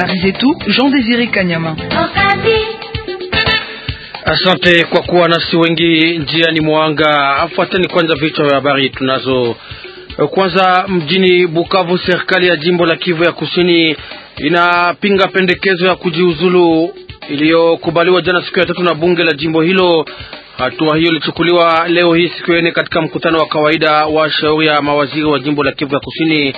habari zetu, Jean Désiré Kanyama. Asante kwa kuwa nasi wengi njiani mwanga. Afuateni kwanza vichwa vya habari tunazo. Kwanza, mjini Bukavu, serikali ya jimbo la Kivu ya Kusini inapinga pendekezo ya kujiuzulu iliyokubaliwa jana siku ya tatu na bunge la jimbo hilo Hatua hiyo ilichukuliwa leo hii siku ya katika mkutano wa kawaida wa shauri ya mawaziri wa jimbo la Kivu ya Kusini.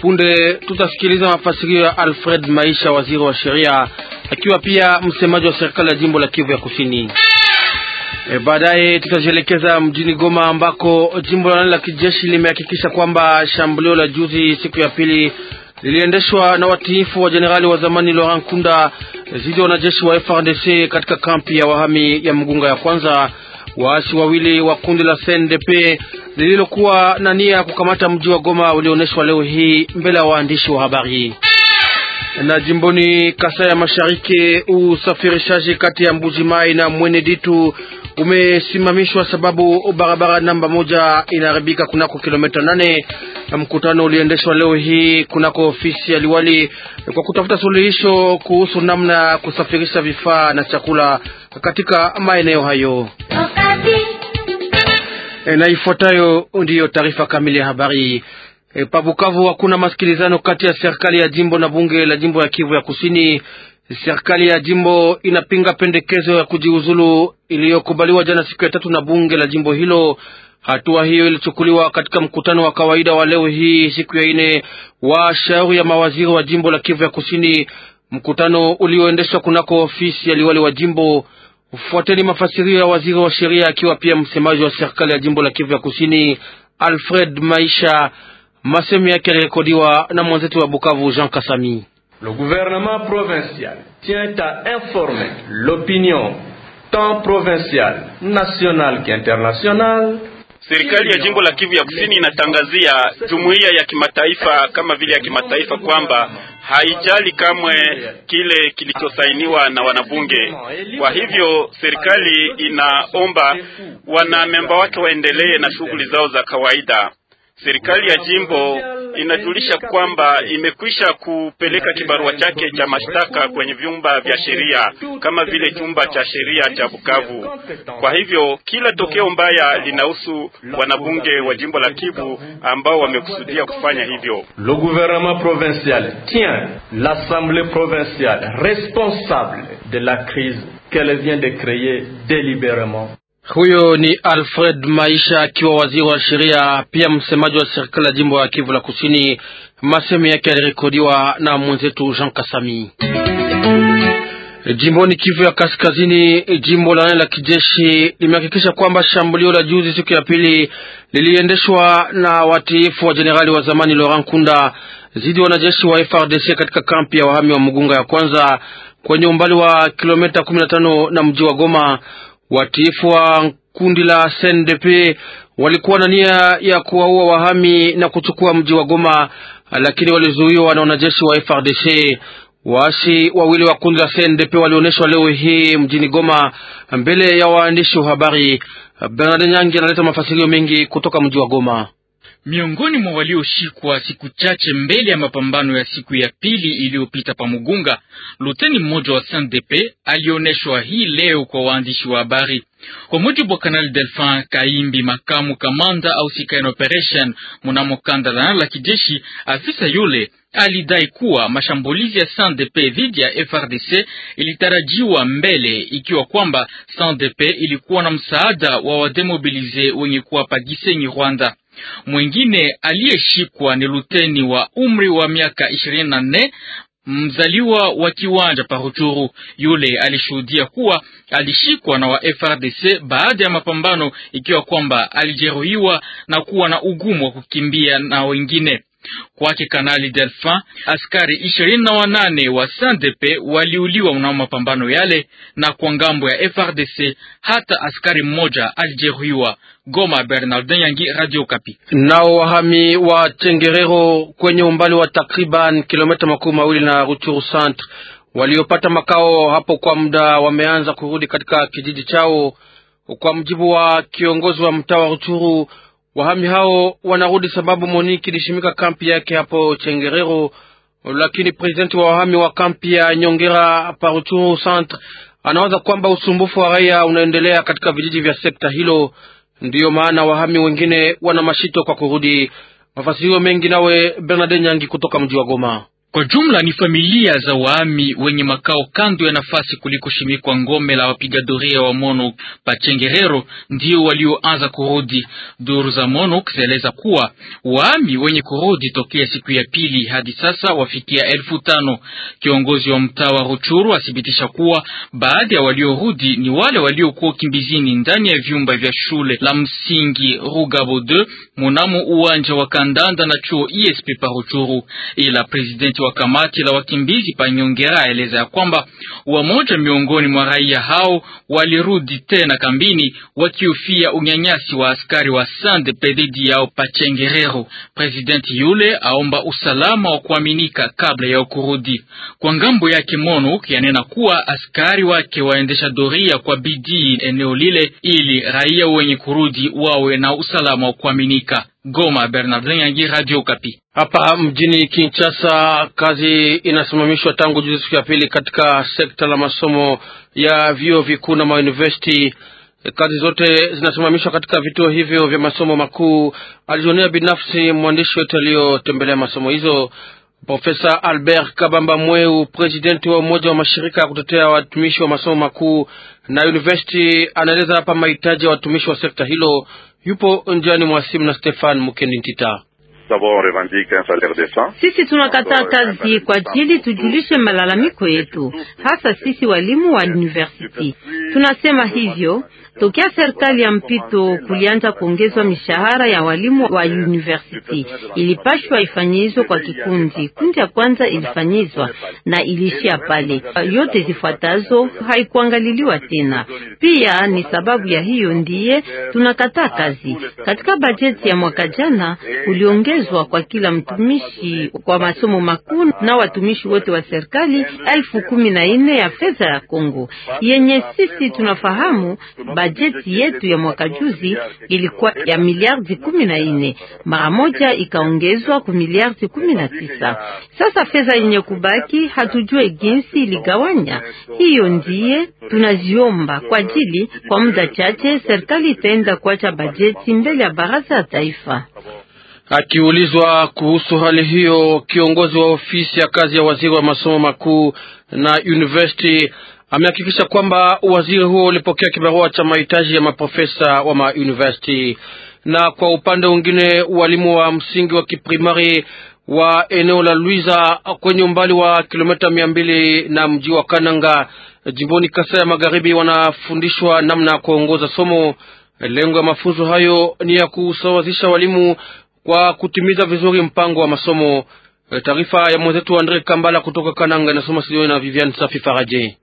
Punde tutasikiliza mafasirio ya Alfred Maisha, waziri wa sheria, akiwa pia msemaji wa serikali ya jimbo la Kivu ya Kusini. E, baadaye tutajielekeza mjini Goma ambako jimbo la nane la kijeshi limehakikisha kwamba shambulio la juzi siku ya pili liliendeshwa na watiifu wa jenerali wa zamani Laurent kunda dhidi ya wanajeshi wa FRDC katika kampi ya wahami ya Mgunga ya kwanza. Waasi wawili wa kundi la CNDP lililokuwa na nia ya kukamata mji wa Goma ulioonyeshwa leo hii mbele ya waandishi wa habari. Na jimboni Kasai ya Mashariki, usafirishaji kati ya Mbuji Mai na Mwene Ditu umesimamishwa sababu barabara namba moja inaharibika kunako kilomita nane. Mkutano uliendeshwa leo hii kunako ofisi ya liwali kwa kutafuta suluhisho kuhusu namna ya kusafirisha vifaa na chakula katika maeneo hayo. E, na ifuatayo ndiyo taarifa kamili ya habari. E, pa Bukavu hakuna masikilizano kati ya serikali ya jimbo na bunge la jimbo ya Kivu ya Kusini. Serikali ya jimbo inapinga pendekezo ya kujiuzulu iliyokubaliwa jana siku ya tatu na bunge la jimbo hilo. Hatua hiyo ilichukuliwa katika mkutano wa kawaida wa leo hii siku ya ine wa shauri ya mawaziri wa jimbo la Kivu ya Kusini, mkutano ulioendeshwa kunako ofisi ya liwali wa jimbo. Fuateni mafasirio ya waziri wa sheria akiwa pia msemaji wa serikali ya jimbo la Kivu ya Kusini, Alfred Maisha. Masemi yake yalirekodiwa na mwenzetu wa Bukavu, Jean Kasami. Le gouvernement provincial tient à informer l'opinion tant provinciale, nationale qu'internationale Serikali ya jimbo la Kivu ya Kusini inatangazia jumuiya ya kimataifa kama vile ya kimataifa kwamba haijali kamwe kile kilichosainiwa na wanabunge. Kwa hivyo, serikali inaomba wanamemba wake waendelee na shughuli zao za kawaida. Serikali ya jimbo inajulisha kwamba imekwisha kupeleka kibarua chake cha mashtaka kwenye vyumba vya sheria kama vile chumba cha sheria cha Bukavu. Kwa hivyo kila tokeo mbaya linahusu wanabunge wa jimbo la Kivu ambao wamekusudia kufanya hivyo. Le gouvernement provincial tient l'assemblée provinciale responsable de la crise qu'elle vient de créer délibérément. Huyo ni Alfred Maisha akiwa waziri wa sheria, pia msemaji wa serikali ya jimbo ya Kivu la Kusini. Masemo yake yalirekodiwa na mwenzetu Jean Kasami. Jimboni Kivu ya Kaskazini, jimbo la nane la kijeshi limehakikisha kwamba shambulio la juzi siku ya pili liliendeshwa na watiifu wa jenerali wa zamani Laurent Kunda zidi wanajeshi wa FRDC katika kampi ya wahami wa Mugunga ya kwanza kwenye umbali wa kilomita 15 na mji wa Goma. Watiifu wa kundi la CNDP walikuwa na nia ya kuwaua wahami na kuchukua mji wa Goma, lakini walizuiwa na wanajeshi wa frdc Waasi wawili wa kundi la CNDP walionyeshwa leo hii mjini Goma mbele ya waandishi wa habari. Bernard Nyangi analeta mafasirio mengi kutoka mji wa Goma. Miongoni mwa walioshikwa siku chache mbele ya mapambano ya siku ya pili iliyopita pa Mugunga, luteni mmoja wa dp alioneshwa hii leo kwa waandishi wa habari. Kwa mujibu wa Kanal Delfin Kaimbi, makamu kamanda au sikain operation munamo kanda la kijeshi, afisa yule alidai kuwa mashambulizi ya SDP dhidi ya FRDC ilitarajiwa mbele, ikiwa kwamba SDP ilikuwa na msaada wa wademobilize wenye kuwapa pagisenyi Rwanda. Mwingine aliyeshikwa ni luteni wa umri wa miaka ishirini na nne mzaliwa wa kiwanja Paruchuru. Yule alishuhudia kuwa alishikwa na wa FRDC baada ya mapambano, ikiwa kwamba alijeruhiwa na kuwa na ugumu wa kukimbia na wengine Kwake Kanali Delfin, askari ishirini na wanane wa Sandepe waliuliwa mnamo mapambano yale, na kwa ngambo ya FRDC hata askari mmoja alijeruhiwa. Goma, Bernardin Yangi, Radio Kapi. Nao wahami wa Chengerero kwenye umbali wa takriban kilomita makumi mawili na Ruchuru Centre waliopata makao hapo kwa muda wameanza kurudi katika kijiji chao, kwa mjibu wa kiongozi wa mtaa wa Ruchuru. Wahami hao wanarudi sababu Monique ilishimika kampi yake hapo Chengerero, lakini presidenti wa wahami wa kampi ya Nyongera Paruchuru Centre anawaza kwamba usumbufu wa raia unaendelea katika vijiji vya sekta hilo, ndiyo maana wahami wengine wana mashito kwa kurudi. Mafasi hiyo mengi nawe Bernard Nyangi kutoka mji wa Goma. Kwa jumla ni familia za waami wenye makao kando ya nafasi kuliko shimikwa ngome la wapiga doria wa MONUC Pachengerero ndio walioanza kurudi. Duru za MONUC zaeleza kuwa waami wenye kurudi tokea siku ya pili hadi sasa wafikia elfu tano. Kiongozi wa mtaa wa Ruchuru athibitisha kuwa baadhi ya waliorudi ni wale waliokuwa kimbizini ndani ya vyumba vya shule la msingi Rugabo 2 mnamo uwanja wa kandanda na chuo ISP e pa Ruchuru, ila president mwenyekiti wa kamati la wakimbizi Panyongera aeleza ya kwamba wamoja miongoni mwa raia hao walirudi tena kambini wakiufia unyanyasi wa askari wa SANDP dhidi yao Pachengerero. President yule aomba usalama wa kuaminika kabla ya kurudi kwa ngambo yake. MONUC yanena kuwa askari wake waendesha doria kwa bidii eneo lile ili raia wenye kurudi wawe na usalama wa kuaminika. Goma, Bernardin Yangi, Radio Kapi. Hapa mjini Kinshasa kazi inasimamishwa tangu juzi siku ya pili katika sekta la masomo ya vyuo vikuu na mauniversity. Kazi zote zinasimamishwa katika vituo hivyo vya masomo makuu, alijionea binafsi mwandishi wetu aliyotembelea masomo hizo. Profesa Albert Kabamba Mweu, presidenti wa umoja wa mashirika ya kutetea watumishi wa masomo makuu na university, anaeleza hapa mahitaji ya watumishi wa sekta hilo. Yupo njiani mwa simu na Stefan Mukendi Ntita. Sisi tunakataa kazi kwa ajili tujulishe malalamiko yetu, hasa sisi walimu wa university tunasema hivyo tokea serikali ya mpito kulianza kuongezwa mishahara ya walimu wa university ilipashwa ifanyizwe kwa kikundi. Kundi ya kwanza ilifanyizwa na ilishia pale, yote zifuatazo haikuangaliliwa tena. Pia ni sababu ya hiyo ndiye tunakataa kazi. Katika bajeti ya mwaka jana uliongeza kuongezwa kwa kila mtumishi kwa masomo makuu na watumishi wote wa serikali elfu kumi na nne ya fedha ya Kongo yenye sisi tunafahamu. Bajeti yetu ya mwaka juzi ilikuwa ya miliardi kumi na nne mara moja ikaongezwa kwa miliardi kumi na tisa. Sasa fedha yenye kubaki hatujue jinsi iligawanya. Hiyo ndiye tunaziomba kwa ajili, kwa muda chache serikali itaenda kuacha bajeti mbele ya baraza ya taifa. Akiulizwa kuhusu hali hiyo, kiongozi wa ofisi ya kazi ya waziri wa masomo makuu na university amehakikisha kwamba waziri huo ulipokea kibarua cha mahitaji ya maprofesa wa mauniversity. Na kwa upande mwingine, walimu wa msingi wa kiprimari wa eneo la Luiza kwenye umbali wa kilomita mia mbili na mji wa Kananga jimboni Kasai ya Magharibi wanafundishwa namna ya kuongoza somo. Lengo ya mafunzo hayo ni ya kusawazisha walimu kwa kutimiza vizuri mpango wa masomo. Eh, taarifa ya mwenzetu Andre Kambala kutoka Kananga inasoma Sidoni na Vivian Safi Faraje.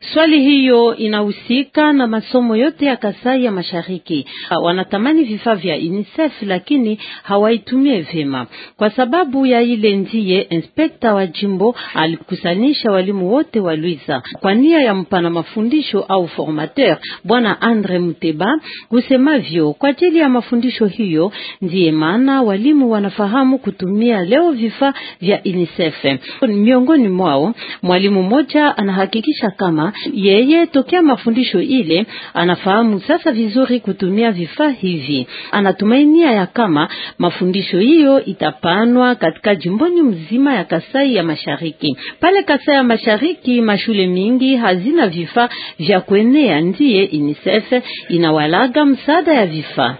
Swali hiyo inahusika na masomo yote ya Kasai ya Mashariki. Wanatamani vifaa vya UNICEF lakini hawaitumie vyema. Kwa sababu ya ile ndiye inspekta wa jimbo alikusanyisha walimu wote wa Luiza kwa nia ya mpana mafundisho au formateur Bwana Andre Muteba husemavyo kwa ajili ya mafundisho hiyo. Ndiye maana walimu wanafahamu kutumia leo vifaa vya UNICEF. Miongoni mwao mwalimu mmoja anahakikisha kama yeye tokea mafundisho ile anafahamu sasa vizuri kutumia vifaa hivi. Anatumainia ya kama mafundisho hiyo itapanwa katika jimboni mzima ya Kasai ya Mashariki. Pale Kasai ya Mashariki mashule mingi hazina vifaa vya kuenea, ndiye UNICEF inawalaga msaada ya vifaa.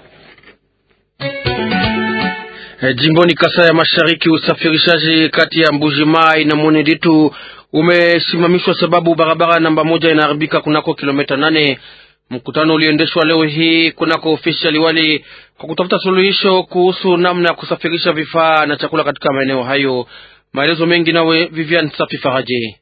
Eh, jimboni Kasa ya Mashariki, usafirishaji kati ya Mbujimai na Mweneditu umesimamishwa sababu barabara namba moja inaharibika kunako kilomita nane. Mkutano uliendeshwa leo hii kunako ofisi ya liwali kwa kutafuta suluhisho kuhusu namna ya kusafirisha vifaa na chakula katika maeneo hayo. Maelezo mengi nawe Vivian Safi Faraje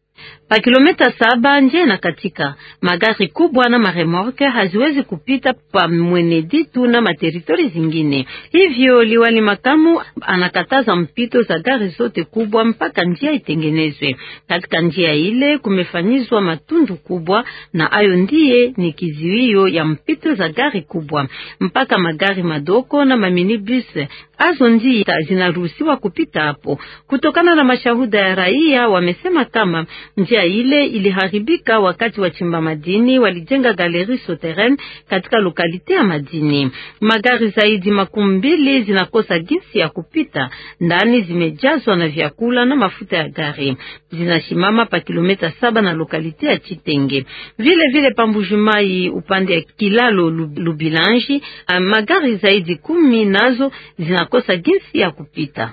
pa kilomita saba nje na katika magari kubwa na maremorke haziwezi kupita pa Mweneditu na materitori zingine. Hivyo liwali makamu anakataza mpito za gari zote kubwa mpaka njia itengenezwe. Katika njia ile kumefanyizwa matundu kubwa, na ayo ndiye ni kiziwio ya mpito za gari kubwa mpaka magari madoko na maminibus azo ndiye zinaruhusiwa kupita hapo. Kutokana na mashahuda ya raia, wamesema kama njia Njia ile iliharibika wakati wachimba madini walijenga galeri souterrain katika lokalite ya madini. Magari zaidi makumi mbili zinakosa jinsi ya kupita ndani, zimejazwa na vyakula na mafuta ya gari, zinasimama pa kilomita saba na lokalite ya Chitenge. Vile vile Pambujumai upande ya Kilalo Lubilanji, magari zaidi kumi nazo zinakosa jinsi ya kupita.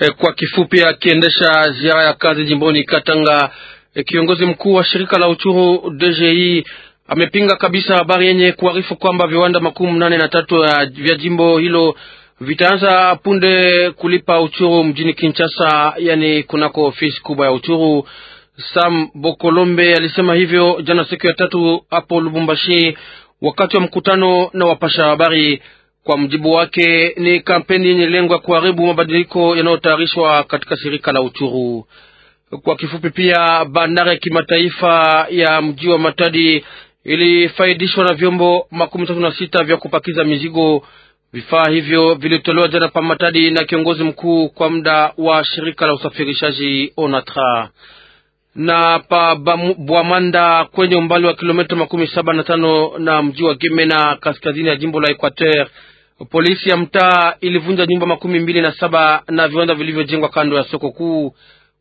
Eh, kwa kifupi, akiendesha ziara ya kazi jimboni Katanga Eh, kiongozi mkuu wa shirika la uchuru DGI e, amepinga kabisa habari yenye kuarifu kwamba viwanda makumi mnane na tatu vya jimbo hilo vitaanza punde kulipa uchuru mjini Kinshasa, yani kunako ofisi kubwa ya uchuru. Sam Bokolombe alisema hivyo jana siku ya tatu hapo Lubumbashi wakati wa mkutano na wapasha habari. Kwa mjibu wake, ni kampeni yenye lengo ya kuharibu mabadiliko yanayotayarishwa katika shirika la uchuru. Kwa kifupi pia, bandari ya kimataifa ya mji wa Matadi ilifaidishwa na vyombo makumi tatu na sita vya kupakiza mizigo. Vifaa hivyo vilitolewa jana pa Matadi na kiongozi mkuu kwa muda wa shirika la usafirishaji Onatra na pa Bwamanda kwenye umbali wa kilomita makumi saba na tano na mji wa Gemena kaskazini ya jimbo la Equateur. Polisi ya mtaa ilivunja nyumba makumi mbili na saba na viwanda vilivyojengwa kando ya soko kuu.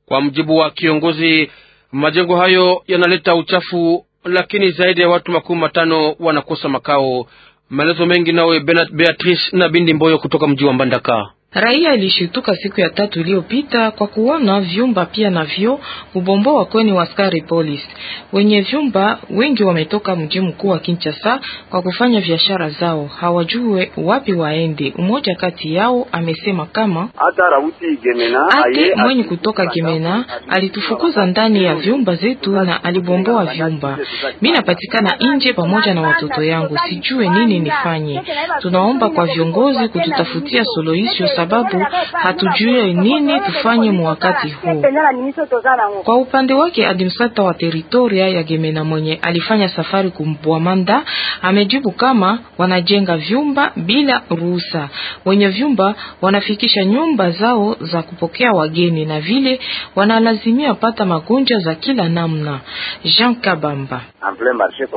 Kwa mjibu wa kiongozi, majengo hayo yanaleta uchafu, lakini zaidi ya watu makumi matano wanakosa makao. Maelezo mengi nawe Beatrice na Bindi Mboyo kutoka mji wa Mbandaka. Raia ilishituka siku ya tatu iliyopita kwa kuona vyumba pia navyo kubomboa kweni wa askari polisi. Wenye vyumba wengi wametoka mji mkuu wa Kinshasa kwa kufanya biashara zao, hawajue wapi waende. Mmoja kati yao amesema kama ate mwenye kutoka Gemena alitufukuza ndani ya vyumba zetu na alibomboa vyumba. Mimi napatikana nje pamoja na watoto yangu, sijue nini nifanye. Tunaomba kwa viongozi kututafutia suluhisho sababu hatujue nini tufanye mwakati huu. Kwa upande wake, adimsata wa teritoria ya Gemena mwenye alifanya safari kumbwamanda amejibu kama wanajenga vyumba bila ruhusa. Wenye vyumba wanafikisha nyumba zao za kupokea wageni na vile wanalazimia pata magonjwa za kila namna. Jean Kabamba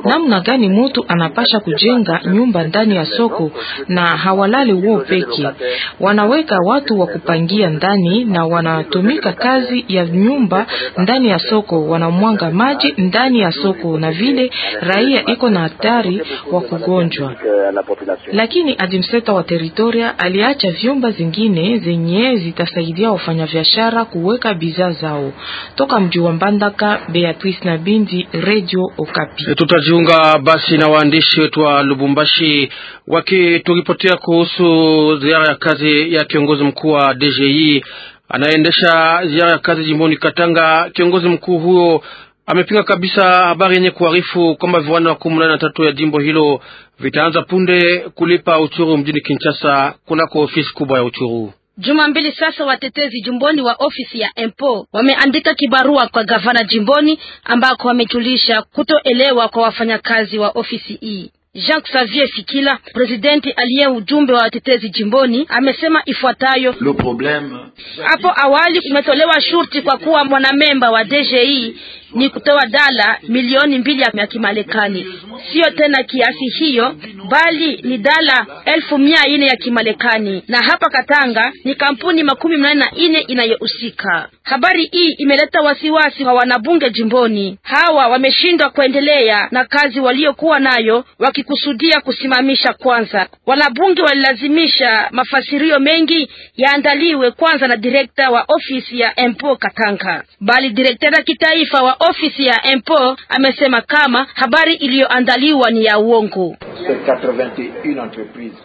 namna gani mtu anapasha kujenga nyumba ndani ya soko na hawalali wao peke. Wanaweka watu wa kupangia ndani na wanatumika kazi ya nyumba ndani ya soko, wanamwanga maji ndani ya soko, na vile raia iko na hatari wa kugonjwa. Lakini adimseta wa teritoria aliacha vyumba zingine zenye zitasaidia wafanyabiashara kuweka bidhaa zao. Toka mji wa Mbandaka, Beatrice na Bindi, Radio Okapi. Okapi. E, tutajiunga basi na waandishi wetu wa Lubumbashi wakituripotea kuhusu ziara ya kazi ya kiongozi mkuu wa DGI e. anaendesha ziara ya kazi jimboni Katanga. Kiongozi mkuu huyo amepinga kabisa habari yenye kuarifu kwamba viwanda kumi na tatu ya jimbo hilo vitaanza punde kulipa uchuru mjini Kinshasa kunako ofisi kubwa ya uchuru. Juma mbili sasa, watetezi jimboni wa ofisi ya MPO wameandika kibarua kwa gavana jimboni ambako wamejulisha kutoelewa kwa wafanyakazi wa ofisi hii. Jean Xavier Fikila, presidenti aliye ujumbe wa watetezi jimboni, amesema ifuatayo. Hapo awali kumetolewa shurti kwa kuwa mwanamemba wa DGI ni kutoa dala milioni mbili ya kimarekani, siyo tena kiasi hiyo bali ni dala elfu mia ine ya Kimarekani, na hapa Katanga ni kampuni makumi mnane na ine inayohusika. Habari hii imeleta wasiwasi kwa wanabunge jimboni. Hawa wameshindwa kuendelea na kazi waliokuwa nayo wakikusudia kusimamisha kwanza. Wanabunge walilazimisha mafasirio mengi yaandaliwe kwanza na direkta wa ofisi ya Empo Katanga, bali direktera ya kitaifa wa ofisi ya Empo amesema kama habari iliyoandaliwa ni ya uongo. sur 81 entreprises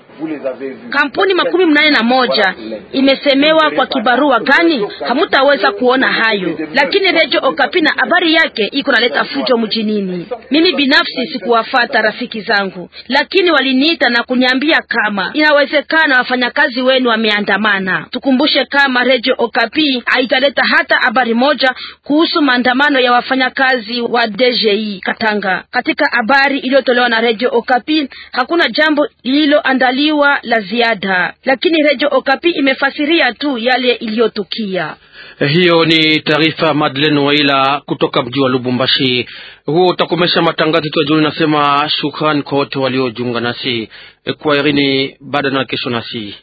Kampuni makumi mnane na moja imesemewa kwa kibarua gani? Hamutaweza kuona hayo, lakini Redio Okapi na habari yake iko naleta fujo mjinini. Mimi binafsi sikuwafata rafiki zangu, lakini waliniita na kuniambia kama inawezekana wafanyakazi wenu wameandamana. Tukumbushe kama Redio Okapi haitaleta hata habari moja kuhusu maandamano ya wafanyakazi wa DGI Katanga. Katika habari iliyotolewa na Redio Okapi hakuna jambo lililoandaliwa kuzuiwa la ziada, lakini Redio Okapi imefasiria tu yale iliyotukia. Hiyo ni taarifa Madeleine Waila kutoka mji wa Lubumbashi. Huo utakomesha matangazo yetu ya jioni. Nasema shukrani kwa wote waliojiunga nasi, Irini, baada na kesho nasi